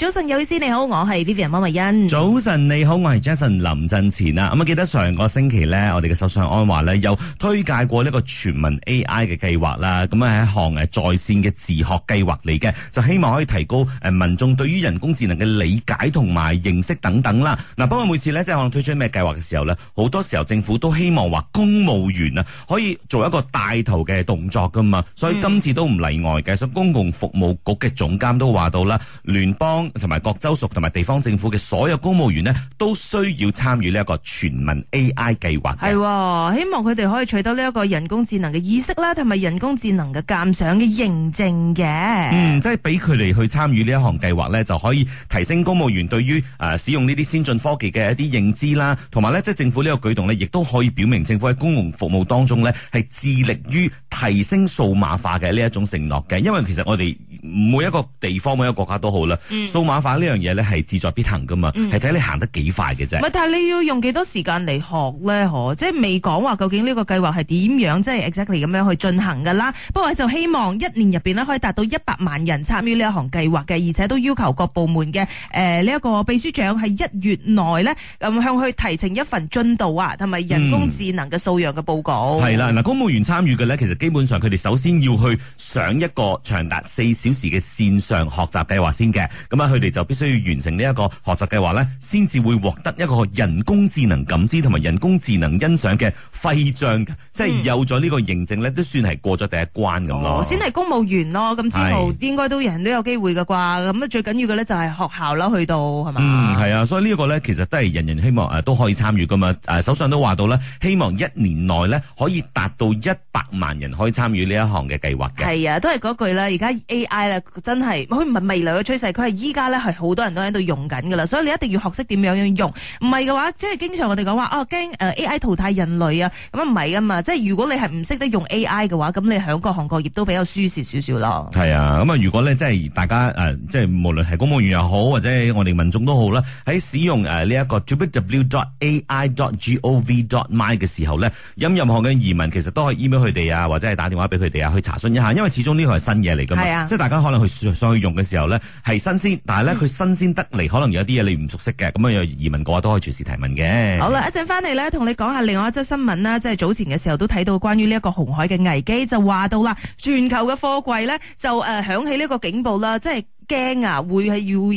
早晨，有意思你好，我係 Vivian 馬慧欣。早晨你好，我係 Jason 林振前啊，咁啊，記得上個星期呢，我哋嘅首相安華呢，有推介過呢個全民 AI 嘅計劃啦。咁啊，係一項誒在綫嘅自學計劃嚟嘅，就希望可以提高誒民眾對於人工智能嘅理解同埋認識等等啦。嗱，不過每次呢，即係可能推出咩計劃嘅時候呢，好多時候政府都希望話公務員啊，可以做一個帶頭嘅動作噶嘛。所以今次都唔例外嘅，所以公共服務局嘅總監都話到啦，聯邦。同埋各州屬同埋地方政府嘅所有公務員呢，都需要參與呢一個全民 AI 計劃。嗯。係希望佢哋可以取得呢一個人工智能嘅意識啦，同埋人工智能嘅鑒賞嘅認證嘅。嗯，即係俾佢哋去參與呢一項計劃呢，就可以提升公務員對於誒、呃、使用呢啲先進科技嘅一啲認知啦。同埋呢，即係政府呢個舉動呢，亦都可以表明政府喺公共服務當中呢，係致力於提升數碼化嘅呢一種承諾嘅。因為其實我哋每一個地方、每一個國家都好啦。嗯數碼化呢樣嘢咧，係志在必行噶嘛，係睇、嗯、你行得幾快嘅啫。係，但係你要用幾多時間嚟學咧？可即係未講話究竟呢個計劃係點樣，即、就、係、是、exactly 咁樣去進行噶啦。不過就希望一年入邊咧可以達到一百萬人參與呢一項計劃嘅，而且都要求各部門嘅誒呢一個秘書長喺一月內咧咁向佢提呈一份進度啊，同埋人工智能嘅素養嘅報告。係啦、嗯，嗱，公務員參與嘅咧，其實基本上佢哋首先要去上一個長達四小時嘅線上學習計劃先嘅，咁啊。佢哋就必須要完成呢一個學習計劃咧，先至會獲得一個人工智能感知同埋人工智能欣賞嘅徽章，嗯、即係有咗呢個認證咧，都算係過咗第一關咁咯、哦。先係公務員咯，咁之後應該都人人都有機會嘅啩。咁啊是，最緊要嘅咧就係學校啦，去到係嘛？是吧嗯，係啊，所以呢個呢一個咧，其實都係人人希望誒、呃、都可以參與㗎嘛。誒首相都話到咧，希望一年內咧可以達到一百萬人可以參與呢一行嘅計劃。係啊，都係嗰句啦。而家 AI 啦，真係佢唔係未來嘅趨勢，佢係依家咧係好多人都喺度用緊噶啦，所以你一定要學識點樣樣用，唔係嘅話，即係經常我哋講話哦驚誒 A I 淘汰人類啊，咁啊唔係噶嘛，即係如果你係唔識得用 A I 嘅話，咁你喺各行各業都比較舒適少少咯。係啊，咁啊如果咧，即係大家誒、呃，即係無論係公務員又好，或者我哋民眾都好啦，喺使用誒呢一個 www.ai.gov.my 嘅時候咧，有任何嘅疑問，其實都可以 email 佢哋啊，或者係打電話俾佢哋啊，去查詢一下，因為始終呢個係新嘢嚟噶嘛，是啊、即係大家可能去上去用嘅時候咧係新鮮。但係咧，佢新鮮得嚟，可能有啲嘢你唔熟悉嘅，咁啊，有移民嘅話都可以隨時提問嘅。好啦，一陣翻嚟咧，同你講下另外一則新聞啦，即係早前嘅時候都睇到關於呢一個紅海嘅危機，就話到啦，全球嘅貨櫃咧就誒響起呢個警報啦，即係。驚啊，會係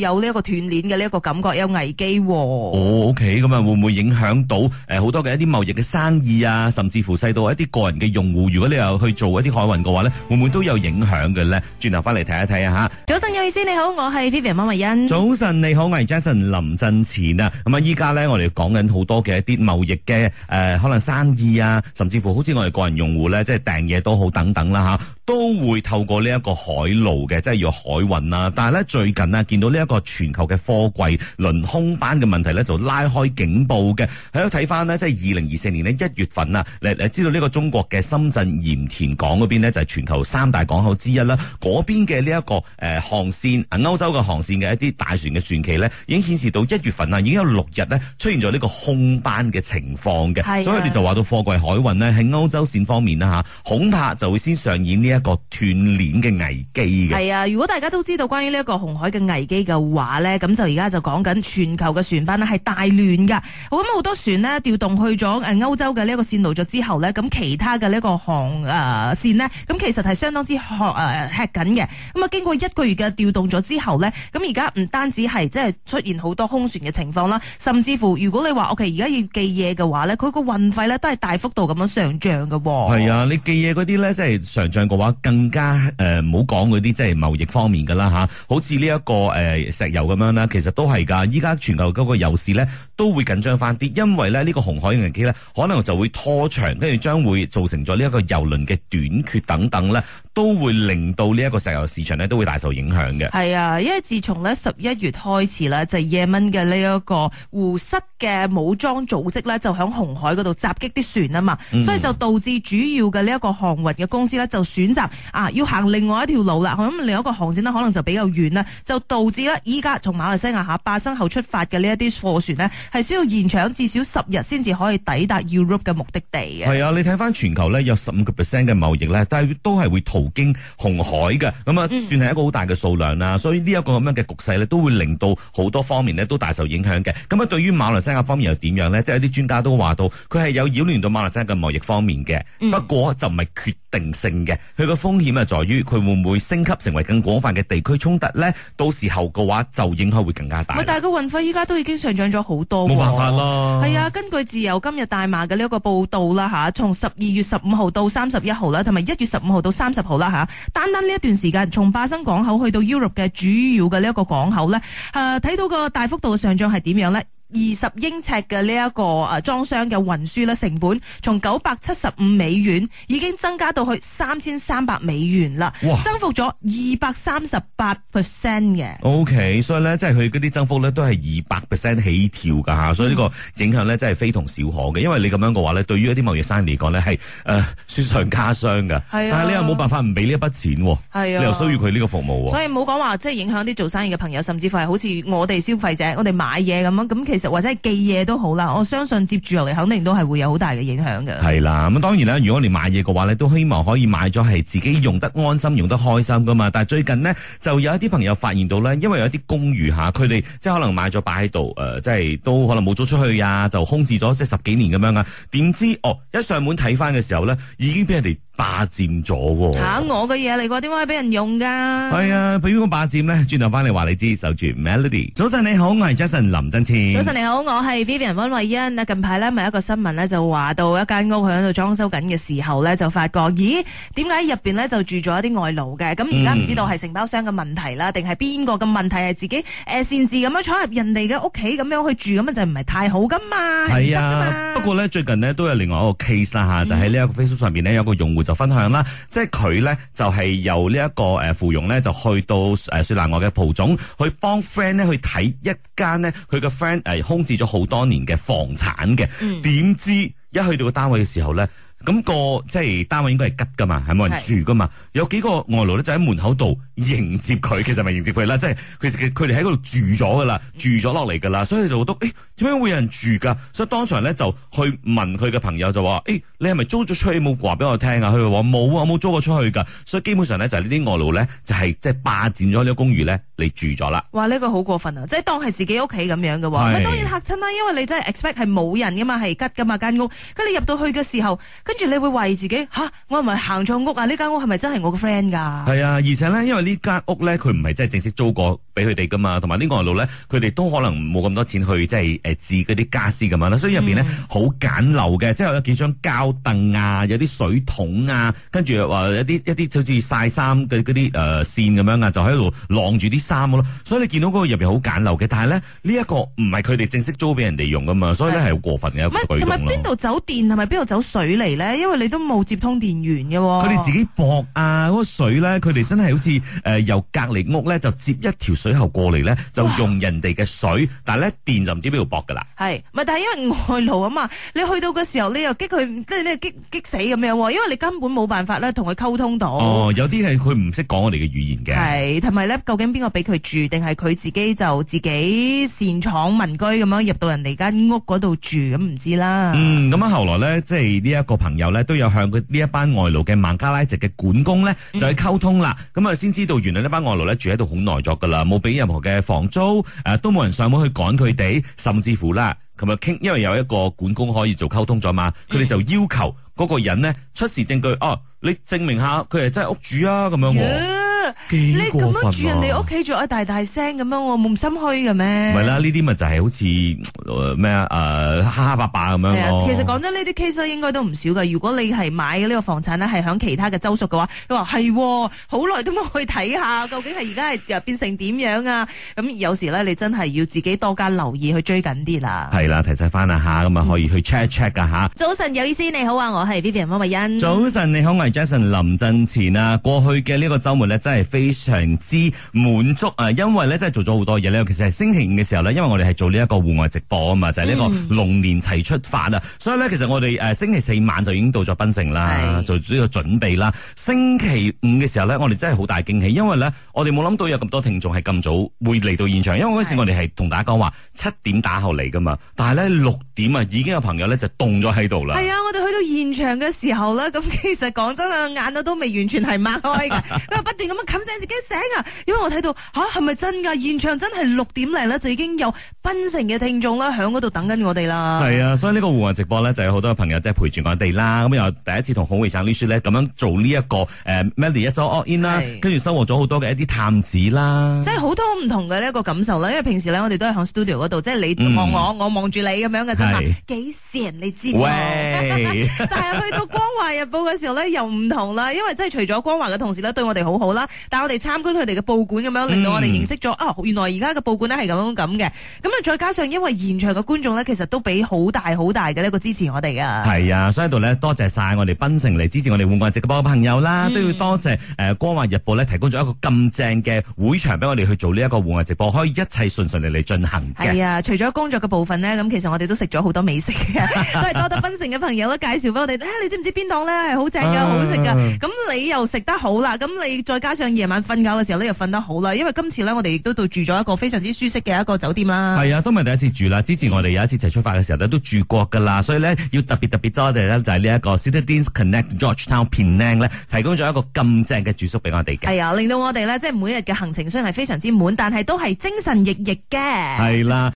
要有呢一個斷鏈嘅呢一個感覺，有危機。哦，OK，咁啊，會唔會影響到誒好多嘅一啲貿易嘅生意啊，甚至乎細到一啲個人嘅用戶，如果你又去做一啲海運嘅話咧，會唔會都有影響嘅咧？轉頭翻嚟睇一睇啊，吓！早晨有意思，你好，我係 Vivian 馬慧欣。早晨你好，我係 Jason 林振前啊。咁啊，依家咧我哋講緊好多嘅一啲貿易嘅誒，可能生意啊，甚至乎好似我哋個人用戶咧，即係訂嘢都好等等啦，吓，都會透過呢一個海路嘅，即係要海運啊。但係咧最近啊，見到呢一個全球嘅貨櫃輪空班嘅問題咧，就拉開警報嘅。喺度睇翻呢，即係二零二四年呢，一月份啊，你知道呢個中國嘅深圳鹽田港嗰邊呢，就係全球三大港口之一啦。嗰邊嘅呢一個誒航線啊，歐洲嘅航線嘅一啲大船嘅船期呢，已經顯示到一月份啊，已經有六日呢，出現咗呢個空班嘅情況嘅。係。所以你就話到貨櫃海運呢，喺歐洲線方面啦吓，恐怕就會先上演呢一個斷鏈嘅危機嘅。係啊，如果大家都知道關呢一個紅海嘅危機嘅話咧，咁就而家就講緊全球嘅船班咧係大亂噶，咁好多船呢，調動去咗誒歐洲嘅呢一個線路咗之後咧，咁其他嘅呢個航誒、呃、線咧，咁其實係相當之誒吃緊嘅。咁啊經過一個月嘅調動咗之後咧，咁而家唔單止係即係出現好多空船嘅情況啦，甚至乎如果你話我哋而家要寄嘢嘅話咧，佢個運費咧都係大幅度咁樣上漲噶。係啊，你寄嘢嗰啲咧，即係上漲嘅話，更加誒唔好講嗰啲即係貿易方面噶啦吓。啊好似呢一個誒、呃、石油咁樣啦，其實都係㗎。依家全球嗰個油市呢，都會緊張翻啲，因為呢呢、呢個紅海危機呢，可能就會拖長，跟住將會造成咗呢一個油輪嘅短缺等等呢，都會令到呢一個石油市場呢，都會大受影響嘅。係啊，因為自從呢十一月開始呢，就係也門嘅呢一個胡塞嘅武裝組織呢，就喺紅海嗰度襲擊啲船啊嘛，嗯、所以就導致主要嘅呢一個航運嘅公司呢，就選擇啊要行另外一條路啦。咁另一個航線呢，可能就比較遠咧，就導致咧，依家從馬來西亞下巴生後出發嘅呢一啲貨船呢，係需要延長至少十日先至可以抵達 Europe 嘅目的地嘅。係啊，你睇返全球呢，有十五個 percent 嘅貿易呢，但係都係會途經紅海嘅，咁啊，算係一個好大嘅數量啦。嗯、所以呢一個咁樣嘅局勢呢，都會令到好多方面呢都大受影響嘅。咁啊，對於馬來西亞方面又點樣呢？即、就、係、是、有啲專家都話到，佢係有擾亂到馬來西亞嘅貿易方面嘅，不過就唔係決定性嘅。佢個風險啊，在於佢會唔會升級成為更廣泛嘅地區衝。得咧，到時候嘅話就影響會更加大。但係個運費依家都已經上漲咗好多，冇辦法咯。係啊，根據自由今日大馬嘅呢一個報道啦，吓，從十二月十五號到三十一號啦，同埋一月十五號到三十號啦吓，單單呢一段時間，從巴生港口去到，到 Europe 嘅主要嘅呢一個港口咧，誒、呃，睇到個大幅度嘅上漲係點樣咧？二十英尺嘅呢一個誒裝箱嘅運輸咧成本，從九百七十五美元已經增加到去三千三百美元啦，哇增幅咗二百三十八 percent 嘅。OK，所以咧即係佢嗰啲增幅咧都係二百 percent 起跳噶吓，所以呢個影響咧真係非同小可嘅。因為你咁樣嘅話咧，對於一啲貿易生意嚟講咧係誒雪上加霜噶。係啊，但係你又冇辦法唔俾呢一筆錢，係啊、你又需要佢呢個服務，所以冇講話即係影響啲做生意嘅朋友，甚至乎係好似我哋消費者，我哋買嘢咁樣咁其。或者係寄嘢都好啦，我相信接住落嚟，肯定都係會有好大嘅影響嘅。係啦，咁當然啦，如果你買嘢嘅話咧，都希望可以買咗係自己用得安心、用得開心噶嘛。但係最近咧，就有一啲朋友發現到咧，因為有一啲公寓吓，佢哋即係可能買咗擺喺度，誒、呃，即係都可能冇租出去啊，就空置咗即係十幾年咁樣啊。點知哦，一上門睇翻嘅時候咧，已經俾人哋。霸佔咗喎！嚇、啊，我嘅嘢嚟㗎，點可以俾人用㗎？係啊，如果霸佔咧，轉頭翻嚟話你知，守住 Melody。早晨你好，我係 Jason 林振前。早晨你好，我係 Vivian 温慧欣。近排呢，咪一個新聞呢，就話到一間屋佢喺度裝修緊嘅時候呢，就發覺咦，點解入邊呢就住咗一啲外勞嘅？咁而家唔知道係承包商嘅問題啦，定係邊個嘅問題係自己誒、呃、擅自咁樣闖入人哋嘅屋企咁樣去住咁啊？就唔係太好噶嘛。係啊，不過呢，最近呢，都有另外一個 case 啦嚇、嗯，就喺呢一個 Facebook 上邊呢，有個用戶。就分享啦，即係佢咧就係由呢一個誒芙蓉咧就去到誒雪蘭莪嘅蒲總去幫 friend 咧去睇一間咧佢嘅 friend 誒空置咗好多年嘅房產嘅，點、嗯、知一去到個單位嘅時候咧。咁、那個即係單位應該係吉噶嘛，係冇人住噶嘛，是有幾個外勞咧就喺門口度迎接佢，其實咪迎接佢啦， 即係佢佢佢哋喺嗰度住咗噶啦，住咗落嚟噶啦，所以就覺得誒點解會有人住㗎？所以當場咧就去問佢嘅朋友就話誒、欸，你係咪租咗出去冇話俾我聽啊？佢話冇啊，冇租過出去㗎，所以基本上咧就係呢啲外勞咧就係即係霸佔咗呢個公寓咧你住咗啦。哇！呢、這個好過分啊，即、就、係、是、當係自己屋企咁樣嘅喎，是當然嚇親啦，因為你真係 expect 係冇人㗎嘛，係吉㗎嘛間屋，跟住入到去嘅時候跟住你會為自己吓，我係咪行錯屋啊？呢間屋係咪真係我嘅 friend 噶？係啊，而且咧，因為呢間屋咧，佢唔係真係正式租過。俾佢哋噶嘛，同埋啲外路咧，佢哋都可能冇咁多錢去即係誒置嗰啲家私咁樣啦，所以入邊咧好簡陋嘅，即係有幾張膠凳啊，有啲水桶啊，跟住話一啲一啲好似曬衫嘅嗰啲誒線咁樣啊，呃、樣就喺度晾住啲衫咯。所以你見到嗰個入邊好簡陋嘅，但係咧呢一、呢個唔係佢哋正式租俾人哋用噶嘛，所以咧係好過分嘅一個舉動咯。同埋邊度走電係咪邊度走水嚟咧？因為你都冇接通電源嘅喎、啊。佢哋自己駁啊，嗰、嗰個、水咧，佢哋真係好似誒、呃、由隔離屋咧就接一條。最後過嚟咧，就用人哋嘅水，哇但係咧電就唔知邊度駁噶啦。係，咪係？但係因為外勞啊嘛，你去到嘅時候，你又激佢，即係咧激激死咁樣。因為你根本冇辦法咧同佢溝通到。哦，有啲係佢唔識講我哋嘅語言嘅。係，同埋咧，究竟邊個俾佢住，定係佢自己就自己擅闖民居咁樣入到人哋間屋嗰度住，咁唔知啦、嗯。嗯，咁啊後來咧，即係呢一個朋友咧，都有向佢呢一班外勞嘅孟加拉籍嘅管工咧，就去溝通啦。咁啊、嗯，先、嗯嗯、知道原來呢班外勞咧住喺度好耐咗噶啦。冇俾任何嘅房租，誒、啊、都冇人上門去趕佢哋，甚至乎啦，琴日傾，因為有一個管工可以做溝通咗嘛，佢哋就要求嗰個人咧出示證據，哦、啊，你證明下佢係真係屋主啊，咁樣喎。啊、你咁樣住人哋屋企，仲大大聲咁樣，我冇咁心虛嘅咩？唔係啦，呢啲咪就係好似咩啊？誒、呃，黑黑白白咁樣。其實講真，呢啲 case 應該都唔少噶。如果你係買呢個房產咧，係喺其他嘅州屬嘅話，佢話係好耐都冇去睇下，究竟係而家係又變成點樣啊？咁有時咧，你真係要自己多加留意去追緊啲啦。係啦，提醒翻啦吓，咁啊可以去 check 一 check 噶吓。嗯、早晨有意思，你好啊，我係 Vivian 溫慧欣。早晨，你好，我係 Jason 林振前啊。過去嘅呢個周末咧，真係～係非常之滿足啊！因為咧，真係做咗好多嘢咧。其實係星期五嘅時候咧，因為我哋係做呢一個戶外直播啊嘛，就係呢個龍年齊出發啊。嗯、所以咧，其實我哋誒、呃、星期四晚就已經到咗檳城啦，是做呢個準備啦。星期五嘅時候咧，我哋真係好大驚喜，因為咧，我哋冇諗到有咁多聽眾係咁早會嚟到現場。因為嗰時我哋係同大家講話七點打後嚟噶嘛，但係咧六點啊已經有朋友咧就凍咗喺度啦。係啊，我哋去到現場嘅時候咧，咁其實講真啊，眼都未完全係擘開噶， 不斷咁冚正自己醒啊！因為我睇到吓，係、啊、咪真㗎？現場真係六點零咧就已經有賓城嘅聽眾啦，喺嗰度等緊我哋啦。係啊，所以呢個戶外直播咧，就有好多朋友即係陪住我哋啦。咁又第一次同好威省書呢 u c y 咧咁樣做呢、這個呃、一個誒 Melody 一周 All In 啦，跟住是收穫咗好多嘅一啲探子啦。即係好多唔同嘅呢一個感受啦。因為平時咧我哋都係喺 studio 嗰度，即係你望、嗯、我，我望住你咁樣嘅啫嘛。幾羨是你知唔？喂 但係去到《光華日報》嘅時候咧，又唔同啦。因為即係除咗《光華》嘅同事咧對我哋好好啦。但我哋參觀佢哋嘅報館咁樣，令到我哋認識咗啊、嗯哦！原來而家嘅報館咧係咁樣咁嘅。咁啊，再加上因為現場嘅觀眾呢，其實都俾好大好大嘅一個支持我哋噶。係啊，所以喺度呢，多謝晒我哋檳城嚟支持我哋戶外直播嘅朋友啦，都、嗯、要多謝誒《光華日報》呢，提供咗一個咁正嘅會場俾我哋去做呢一個戶外直播，可以一切順順利利進行。係啊，除咗工作嘅部分呢，咁其實我哋都食咗好多美食， 都係多得檳城嘅朋友都介紹俾我哋，啊。你知唔知邊檔呢？係、啊、好正嘅、好食噶？咁你又食得好啦，咁你再加上。夜晚瞓覺嘅時候咧就瞓得好啦，因為今次咧我哋亦都到住咗一個非常之舒適嘅一個酒店啦。係啊，都唔係第一次住啦，之前我哋有一次一齊出發嘅時候咧都住過噶啦，所以咧要特別特別多謝咧就係呢一個 Citadines Connect Georgetown Penang 咧提供咗一個咁正嘅住宿俾我哋嘅。係啊，令到我哋咧即係每日嘅行程雖然係非常之滿，但係都係精神奕奕嘅。係啦、啊。